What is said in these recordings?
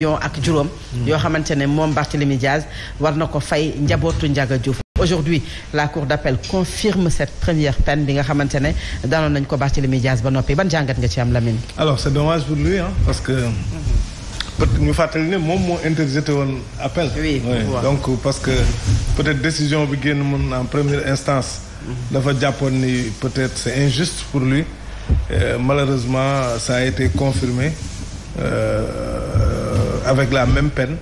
millions ak juróom yoo xamante ne moom Barthélémy Diaz war na ko fay njabootu Ndiaga Diouf aujourd'hui la cour d'appel confirme cette première peine bi nga xamante ne daanoon nañ ko Barthélémy Diaz ba noppi ban jàngat nga ci am Lamine alors c'est dommage pour lui parce que ñu fàttali ne moom moo interjeté woon appel oui, donc parce que peut-être décision bi génn mën en première instance dafa jàppoon ni peut-être c'est injuste pour lui euh, malheureusement ça a été confirmé euh, avec la même peine.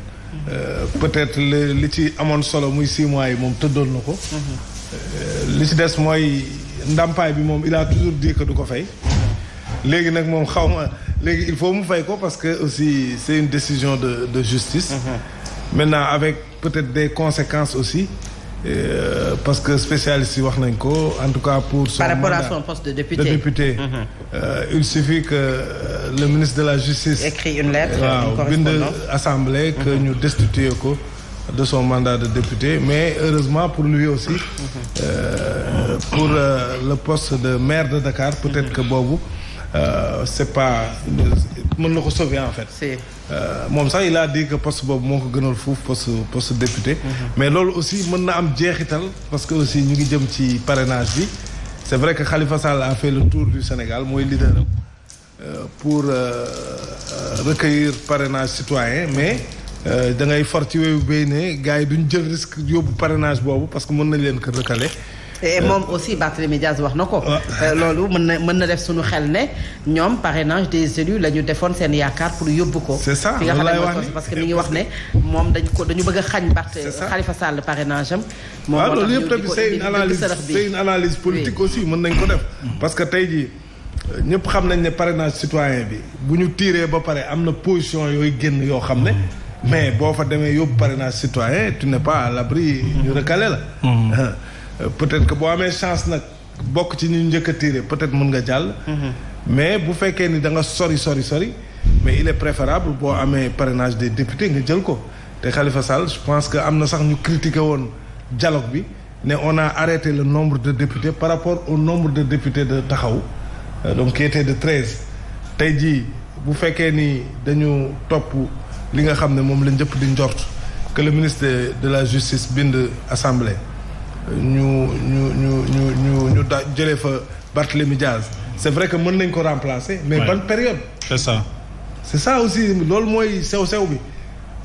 Euh, peut-être li ci amoon solo muy six mois yi moom tëddoon na ko. Euh, li ci des mooy ndàmpaay bi moom il a toujours dit que du ko fay. léegi nag moom xawma léegi il faut mu fay ko parce que aussi c'est une décision de de justice. Mhm. maintenant avec peut-être des conséquences aussi. Euh, parce que spécialiste yi wax nañ ko en tout cas pour. son par rapport à son poste de député de député. Mm il suffit que. le ministre de la justice. écrit une lettre. waaw bind assemblée. que ñu destitué ko. de son mandat de député mais heureusement pour lui aussi mhm. euh, pour euh, le poste de maire de Dakar peut-être que boobu euh, c'est pas mën na ko sauver en fait euh, moom sax il a di que poste boobu moo ko gënal foofu post poste député mhm. mais loolu aussi mën na am jeexital parce que aussi ñu ngi jëm ci parrainage bi c'est vrai que Khalifa Sall a fait le tour du Sénégal mooy leader am Euh, pour euh, euh, recueillir parrainage citoyen mais da ngay far ci wéyu béy ne gars yi duñ jël risque yóbbu parenage boobu parce que mën nañ leen ko recalé. te moom aussi Barthélémy Diaz wax na ko. loolu mën na mën na def suñu xel ne ñoom parrainage des élus la ñu defoon seen yaakaar pour yóbbu ko. c'est ça fi nga xam ne que mi ngi wax ne moom dañ ko dañu bëgg a xañ Barth Khalifa Sall parrainage am. moom moo loolu yëpp tamit c'est une analyse c'est une analyse politique aussi mën nañ ko def. Mm. parce que tey jii. ñëpp xam nañ ne parrainage citoyen bi bu ñu tiiree ba pare am na position yooyu génn yoo xam ne mais boo fa demee yóbbu parrainage citoyen tu n'es pas à l'abri ñu recalé la mm-hmm. ah. peut-être que boo amee chance nag bokk ci ñu njëkk a tiiree peut-être mën nga jàll mm-hmm. mais bu fekkee ni da nga sori sori sori mais il est préférable boo amee parrainage de député nga jël ko te Khalifa Sall je pense que am na sax ñu critiqué woon dialogue bi ne on a arrêté le nombre de députés par rapport au nombre de députés de Taxawu donc qui était de treize tey jii bu fekkee ni dañu topp li nga xam ne moom lañ njëpp di njort que le ministre de la justice bind assemblée ñu ñu ñu ñu ñu ñu da jëlee fa Barthélémy Diaz c'est vrai que mën nañ ko remplacer mais ban période c'est ça c'est ça aussi loolu mooy sew sew bi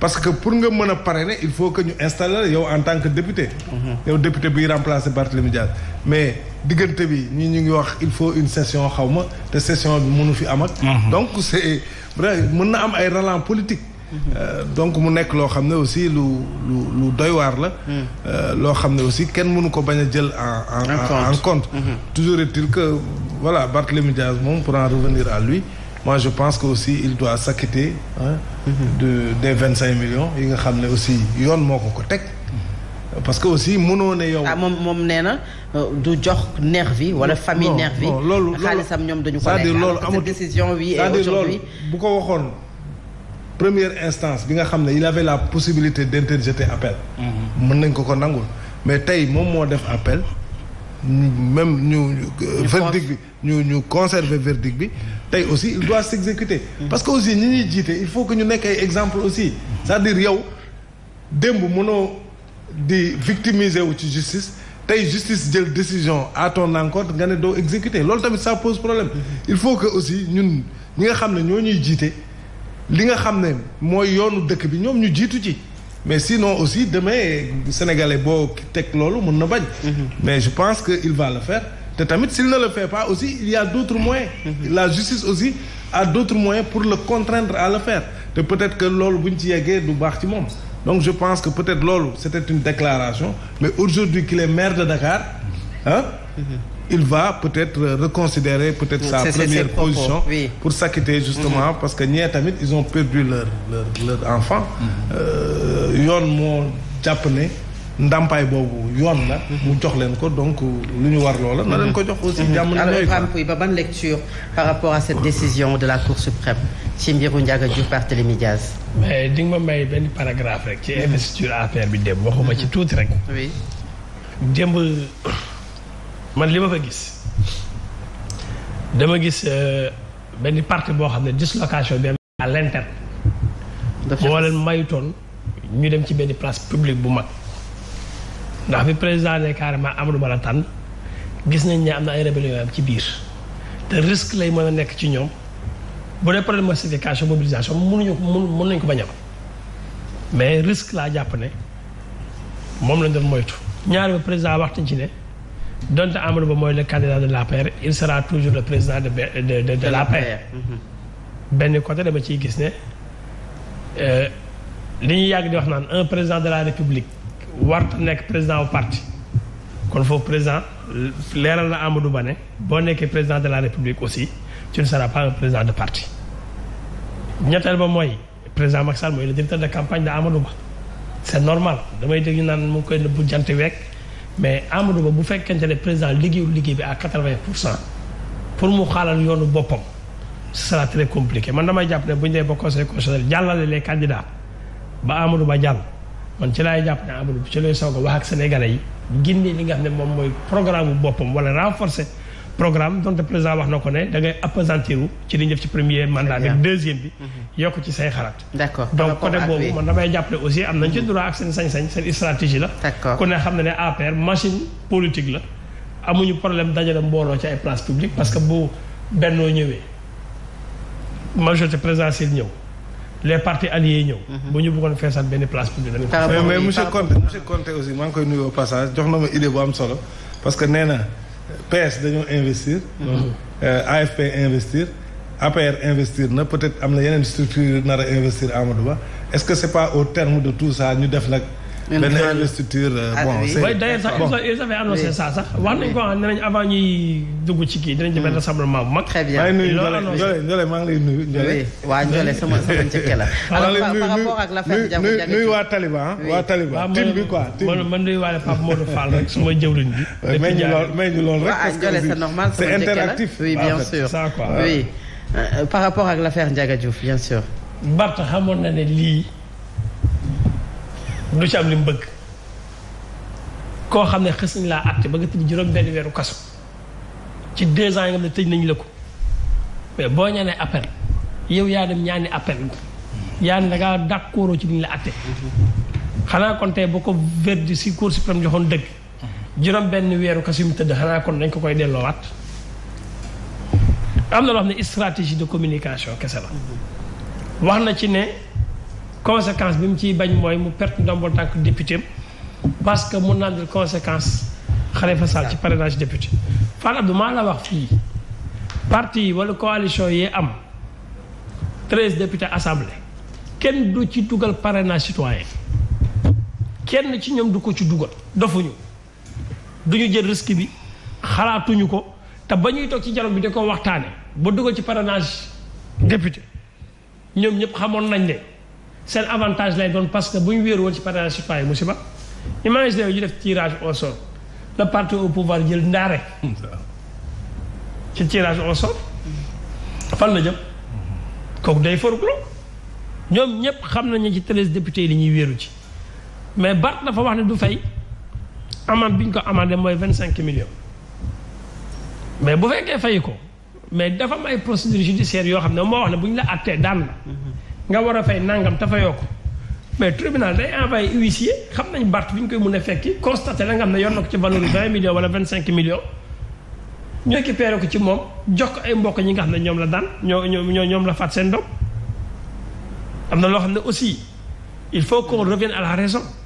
parce que pour nga mën a parrainer il faut que ñu installer yow en tant que député. Mhm. yow député biy remplacer Barthélémy Dias mais diggante bi ñi ñu ngi wax il faut une session xaw ma te session bi mënu fi amat. Mhm. donc est mën na am ay relents politique mhm. euh, donc mu nekk loo xam ne aussi lu lu lu doy waar la. Euh, loo xam ne aussi kenn mënu ko bañ a jël en en compte. toujours est-il que voilà Barthélémy Dias moom pour en revenir à lui. moi je pense que aussi il doit s'acquitter hein, de des vingt cinq millions yi nga xam ne aussi yoon moo ko ko teg parce que aussi mënoo ne yow. ah moom moom nee na euh, du jox nervi wala famille nervi non loolu xaalisam ñoom dañu ko lekk loolu amatu décision bi et aujourd'hui bu ko waxoon première instance bi nga xam ne il avait la possibilité d'interjeter appel. Mhm. mën nañ ko ko nangul mais tey moom moo def appel. même ñu verdict bi ñu ñu conserver verdict bi tey aussi il doit s'exécuter mm-hmm. parce que aussi ñu ñuy jiite il faut que ñu nekk ay exemple aussi cest dire yow démb noo di victimiser wu ci justice tey justice jël décision à ton encontre nga ne doo exécuter loolu tamit ça pose problème mm-hmm. il faut que aussi ñun ñi nga xam ne ñoo ñuy jiite li nga xam ne mooy yoonu dëkk bi ñoom ñu jiitu ci mais sinon aussi demain sénégalais boo teg loolu mën na bañ. Mhm. mais je pense que il va le faire te tamit s'il ne le fait pas aussi il y a d'autres moyens. Mhm. la justice aussi a d'autres moyens pour le contraindre à le faire te peut-être que loolu bu ñu ci yeggee du baax ci moom. donc je pense que peut-être loolu c'était une déclaration mais aujourd'hui qu'il est maire de Dakar ah. il va peut-être reconsidérer peut-être sa première position pour s'acquitter justement parce que ñee tamit ils ont perdu leur leur leur enfant. Euh, yoon moo jàpp ne ndàmpaay boobu yoon la. Mhm. mu jox leen ko donc lu ñu war loola. na leen ko mhm. jox aussi mhm. jàmm na ñooy quoi ba ban lecture par rapport à cette décision de la Cour suprême ci mbiru Ndiaga Diouf Barthélémy Diaz. mais di nga ma may benn paragraphe rek. ci investiture affaire bi dem waxuma ci tuuti rek. oui. démb man li ma fa gis dama gis euh, benn parti boo xam ne dislocation bi à l'interne. moo leen mayutoon. ñu dem ci benn place publique bu mag ndax mi président ne carrément Amadou Ba la tànn gis nañ ne am na ay rébellion am ci biir te risque lay mën a nekk ci ñoom bu dee problème massification mobilisation mënuñu ko mën nañ ko bañ mais risque laa jàpp ne moom lañ doon moytu. ñaari ba président waxtuñ ci ne donte Amadou Ba mooy le candidat de la l'APR il sera toujours le président de de de de l'APR mhm. benn côté dama ci gis ne. Euh, li ñuy yàgg di wax naan un président de la république warta nekk président wu parti kon foofu président leeral na Amadou Ba ne boo nekkee président de la république aussi tu ne seras pas un président de parti ñetteel ba mooy président Macky Sall mooy le directeur de campagne de Amadou Ba c' est normal damay dégg naan mu ngi koy nëbbu jant week mais Amadou Ba bu fekkente ne président liggéeyul liggéey bi à quatre-vingt pour cent pour mu xaalal yoonu boppam ce sera très compliqué man damay jàpp ne bu ñu dee ba conseil constitutionnel ba Amadou Ba jàll man ci laay jàpp ne bi ci lay soog a wax ak sénégalais yi génnee li nga xam ne moom mooy programme bu boppam wala renforcer programme donte président wax na ko ne da ngay wu ci li ñu def ci premier mandat bi deuxième bi mhm. yokk ci say xalaat d'accord donc côté boobu man damay jàppale aussi am nañ ci mhm. droit ak seen sañ-sañ seen stratégie la ku ne xam ne ne APR machine politique la amuñu problème dajale mbooloo ci ay place publique parce que bu bennoo ñëwee majorité présidentielle ñëw les partis yi ñëw. Mhm. bu ñu bëggoon feesal benn place publique dañu ko. mais monsieur Conte monsieur Conte aussi maa ngi koy nuyu au passage jox na ma idée bu am solo parce que nee na PS dañoo investir. Mhm. Euh, AFP investir. APR investir na peut-être am na yeneen structure nar investir Amadou Ba est-ce que c'est pas au terme de tout ça ñu def nag. benn investiture euh, ah bon oui d'ailleurs sax ils avaient wax nañ ko ah nee nañ avant ñuy dugg ci kii dinañ ci benn hmm. rassemblement bu mag. très bien maa ngi nuyu Ndiolé Ndiolé waa Ndiolé sama sama njëkk la. alors ah, par rapport ak l'affaire Diaw Diagne waa Taliban ah, waa Taliban. team bi quoi team bi man nuyuwaale Pape Modou Fall rek suma jëwriñ bi. may ñu lool may ñu lool rek. parce que c'est interactif oui bien sûr ça quoi euh, xamoon na ne lii. du ci am li mu bëgg koo xam ne xës nañ laa àtte ba nga tëj juróom benn weeru kaso ci deux ans yi nga xam tëj nañ la ko boo ñenee appel yow yaa dem ñaani appel yaa ne da ngaa d'accord ci li la àtte xanaa kon tey boo ko verdi si cour suprême joxoon dëgg juróom benn weeru kaso mu tëdd xanaa kon dañ ko koy delloowaat am na loo xam ne stratégie de communication kese la wax na ci ne conséquence bi mu ciy bañ mooy mu perte ndombol tànk député parce que mun naa conséquence Khalifa Sall ci parrainage député Fall Abdou maa la wax fii parti yi wala coalition yee am treize députés assemblée kenn du ci dugal parrainage citoyen kenn ci ñoom du ko ci dugal dofuñu du ñu jël risque bi xalaatuñu ko te ba ñuy toog ci dialogue bi da ko waxtaane ba dugal ci parrainage député ñoom ñëpp xamoon nañ ne seen avantage lay doon parce que bu ñu wéeru woon ci parrainage citoyen musiba imagine yu def tirage au sort le parti au pouvoir jël ndaare ci tirage au sol fan la jëm kooku day foruglo ñoom ñëpp xam nañu ci treize députés yi li ñuy wéeru ci mais Bart dafa wax ne du fay amende bi ñu ko amendé mooy vingt cinq millions mais bu fekkee fay ko mais dafa am ay procédure judiciaire yoo xam ne moo wax ne bu ñu la attee daan la mm-hmm. nga war a fay nangam te fayoo ko mais tribunal day envoyé huissier xam nañ Bart bi ñu koy mun a fekki constaté la nga xam ne yor na ko ci valeur bi vingt millions wala vingt cinq millions ñu récupéré ko ci moom jox ko ay mbokk ñi nga xam ne ñoom la daan ñoo ñoo ñoom la faat seen doom am na loo xam ne aussi il faut qu'on revienne à la raison